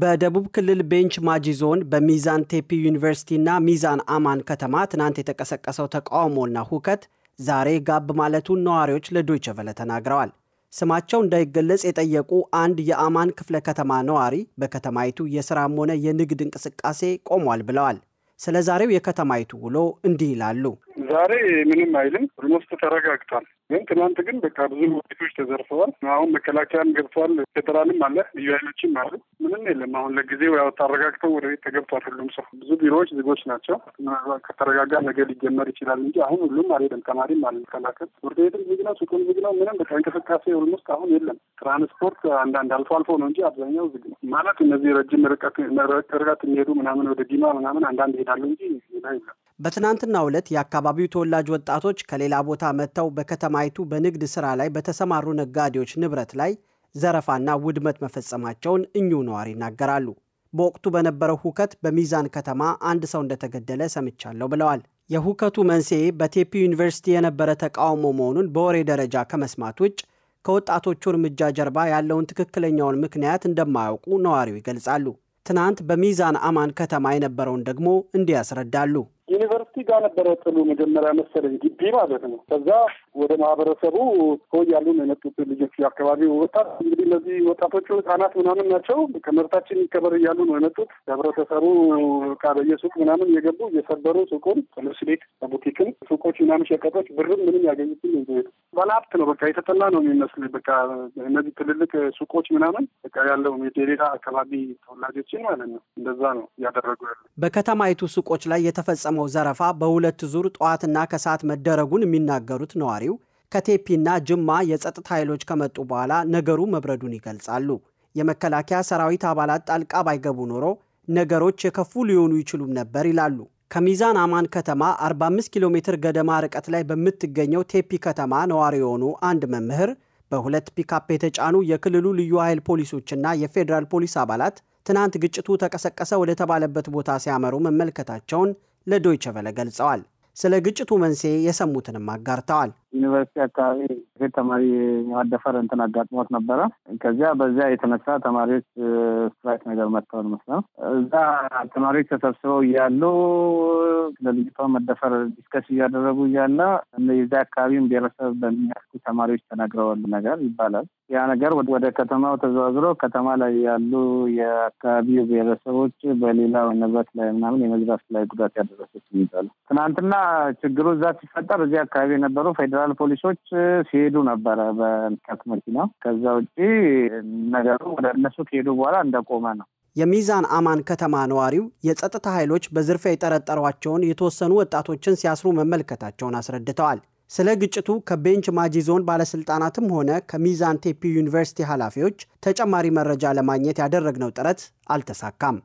በደቡብ ክልል ቤንች ማጂ ዞን በሚዛን ቴፒ ዩኒቨርሲቲና ሚዛን አማን ከተማ ትናንት የተቀሰቀሰው ተቃውሞና ሁከት ዛሬ ጋብ ማለቱን ነዋሪዎች ለዶይቸ ቨለ ተናግረዋል። ስማቸው እንዳይገለጽ የጠየቁ አንድ የአማን ክፍለ ከተማ ነዋሪ በከተማይቱ የስራም ሆነ የንግድ እንቅስቃሴ ቆሟል ብለዋል። ስለ ዛሬው የከተማይቱ ውሎ እንዲህ ይላሉ። ዛሬ ምንም አይልም። ኦልሞስት ተረጋግቷል። ግን ትናንት ግን በቃ ብዙ ቤቶች ተዘርፈዋል። አሁን መከላከያም ገብቷል። ፌደራልም አለ፣ ልዩ ኃይሎችም አሉ። ምንም የለም። አሁን ለጊዜው ያው ተረጋግተው ወደ ቤት ተገብቷል። ሁሉም ሰው ብዙ ቢሮዎች ዝጎች ናቸው። ከተረጋጋ ነገር ሊጀመር ይችላል እንጂ አሁን ሁሉም አልሄደም። ተማሪም አለ መከላከል፣ ትምህርት ቤትም ዝግ ነው፣ ሱቅም ዝግ ነው። ምንም በቃ እንቅስቃሴ ኦልሞስት አሁን የለም። ትራንስፖርት አንዳንድ አልፎ አልፎ ነው እንጂ አብዛኛው ዝግ ነው። ማለት እነዚህ ረጅም ርቀት የሚሄዱ ምናምን ወደ ዲማ ምናምን አንዳንድ ይሄዳሉ እንጂ ሌላ የለም። በትናንትና ዕለት የአካባቢው ተወላጅ ወጣቶች ከሌላ ቦታ መጥተው በከተማይቱ በንግድ ሥራ ላይ በተሰማሩ ነጋዴዎች ንብረት ላይ ዘረፋና ውድመት መፈጸማቸውን እኚሁ ነዋሪ ይናገራሉ። በወቅቱ በነበረው ሁከት በሚዛን ከተማ አንድ ሰው እንደተገደለ ሰምቻለሁ ብለዋል። የሁከቱ መንስኤ በቴፒ ዩኒቨርሲቲ የነበረ ተቃውሞ መሆኑን በወሬ ደረጃ ከመስማት ውጭ ከወጣቶቹ እርምጃ ጀርባ ያለውን ትክክለኛውን ምክንያት እንደማያውቁ ነዋሪው ይገልጻሉ። ትናንት በሚዛን አማን ከተማ የነበረውን ደግሞ እንዲህ ያስረዳሉ። ዩኒቨርሲቲ ጋር ነበረ ጥሉ መጀመሪያ መሰለኝ ግቢ ማለት ነው። ከዛ ወደ ማህበረሰቡ ሆ ያሉ ነው የመጡት ልጆች አካባቢ ወጣት እንግዲህ እነዚህ ወጣቶቹ ህጻናት ምናምን ናቸው። ከመብታችን ይከበር እያሉ ነው የመጡት። ህብረተሰቡ ዕቃ በየሱቅ ምናምን እየገቡ እየሰበሩ ሱቁን፣ ልብስ ቤት፣ ቡቲክን፣ ሱቆች ምናምን ሸቀጦች፣ ብርም ምንም ያገኙትን ይዘሄዱ ባለሀብት ነው በቃ የተጠላ ነው የሚመስል በቃ እነዚህ ትልልቅ ሱቆች ምናምን በቃ ያለው የደሌላ አካባቢ ተወላጆችን ማለት ነው እንደዛ ነው እያደረጉ ያሉ በከተማይቱ ሱቆች ላይ የተፈጸሙ የተፈጸመው ዘረፋ በሁለት ዙር ጠዋትና ከሰዓት መደረጉን የሚናገሩት ነዋሪው ከቴፒና ጅማ የጸጥታ ኃይሎች ከመጡ በኋላ ነገሩ መብረዱን ይገልጻሉ። የመከላከያ ሰራዊት አባላት ጣልቃ ባይገቡ ኖሮ ነገሮች የከፉ ሊሆኑ ይችሉም ነበር ይላሉ። ከሚዛን አማን ከተማ 45 ኪሎ ሜትር ገደማ ርቀት ላይ በምትገኘው ቴፒ ከተማ ነዋሪ የሆኑ አንድ መምህር በሁለት ፒካፕ የተጫኑ የክልሉ ልዩ ኃይል ፖሊሶችና የፌዴራል ፖሊስ አባላት ትናንት ግጭቱ ተቀሰቀሰ ወደ ተባለበት ቦታ ሲያመሩ መመልከታቸውን ለዶይቸ ቨለ ገልጸዋል። ስለ ግጭቱ መንስኤ የሰሙትንም አጋርተዋል። ዩኒቨርሲቲ አካባቢ ሴት ተማሪ የማደፈር እንትን አጋጥሞት ነበረ። ከዚያ በዚያ የተነሳ ተማሪዎች ስትራይክ ነገር መጥተዋል መስለው እዛ ተማሪዎች ተሰብስበው እያሉ ስለልጅቷ መደፈር ዲስከስ እያደረጉ እያለ የዚያ አካባቢም ብሔረሰብ በሚያስኩ ተማሪዎች ተናግረዋል ነገር ይባላል። ያ ነገር ወደ ከተማው ተዘዋዝሮ ከተማ ላይ ያሉ የአካባቢው ብሔረሰቦች በሌላ ንብረት ላይ ምናምን የመዝራት ላይ ጉዳት ያደረሰች ይባላል። ትናንትና ችግሩ እዛ ሲፈጠር እዚህ አካባቢ የነበሩ ፌዴራል ፖሊሶች ሲሄዱ ነበረ በሚካት መኪና። ከዛ ውጭ ነገሩ ወደ እነሱ ከሄዱ በኋላ እንደቆመ ነው። የሚዛን አማን ከተማ ነዋሪው የጸጥታ ኃይሎች በዝርፊያ የጠረጠሯቸውን የተወሰኑ ወጣቶችን ሲያስሩ መመልከታቸውን አስረድተዋል። ስለ ግጭቱ ከቤንች ማጂ ዞን ሆነ ከሚዛን ቴፒ ዩኒቨርሲቲ ኃላፊዎች ተጨማሪ መረጃ ለማግኘት ያደረግነው ጥረት አልተሳካም።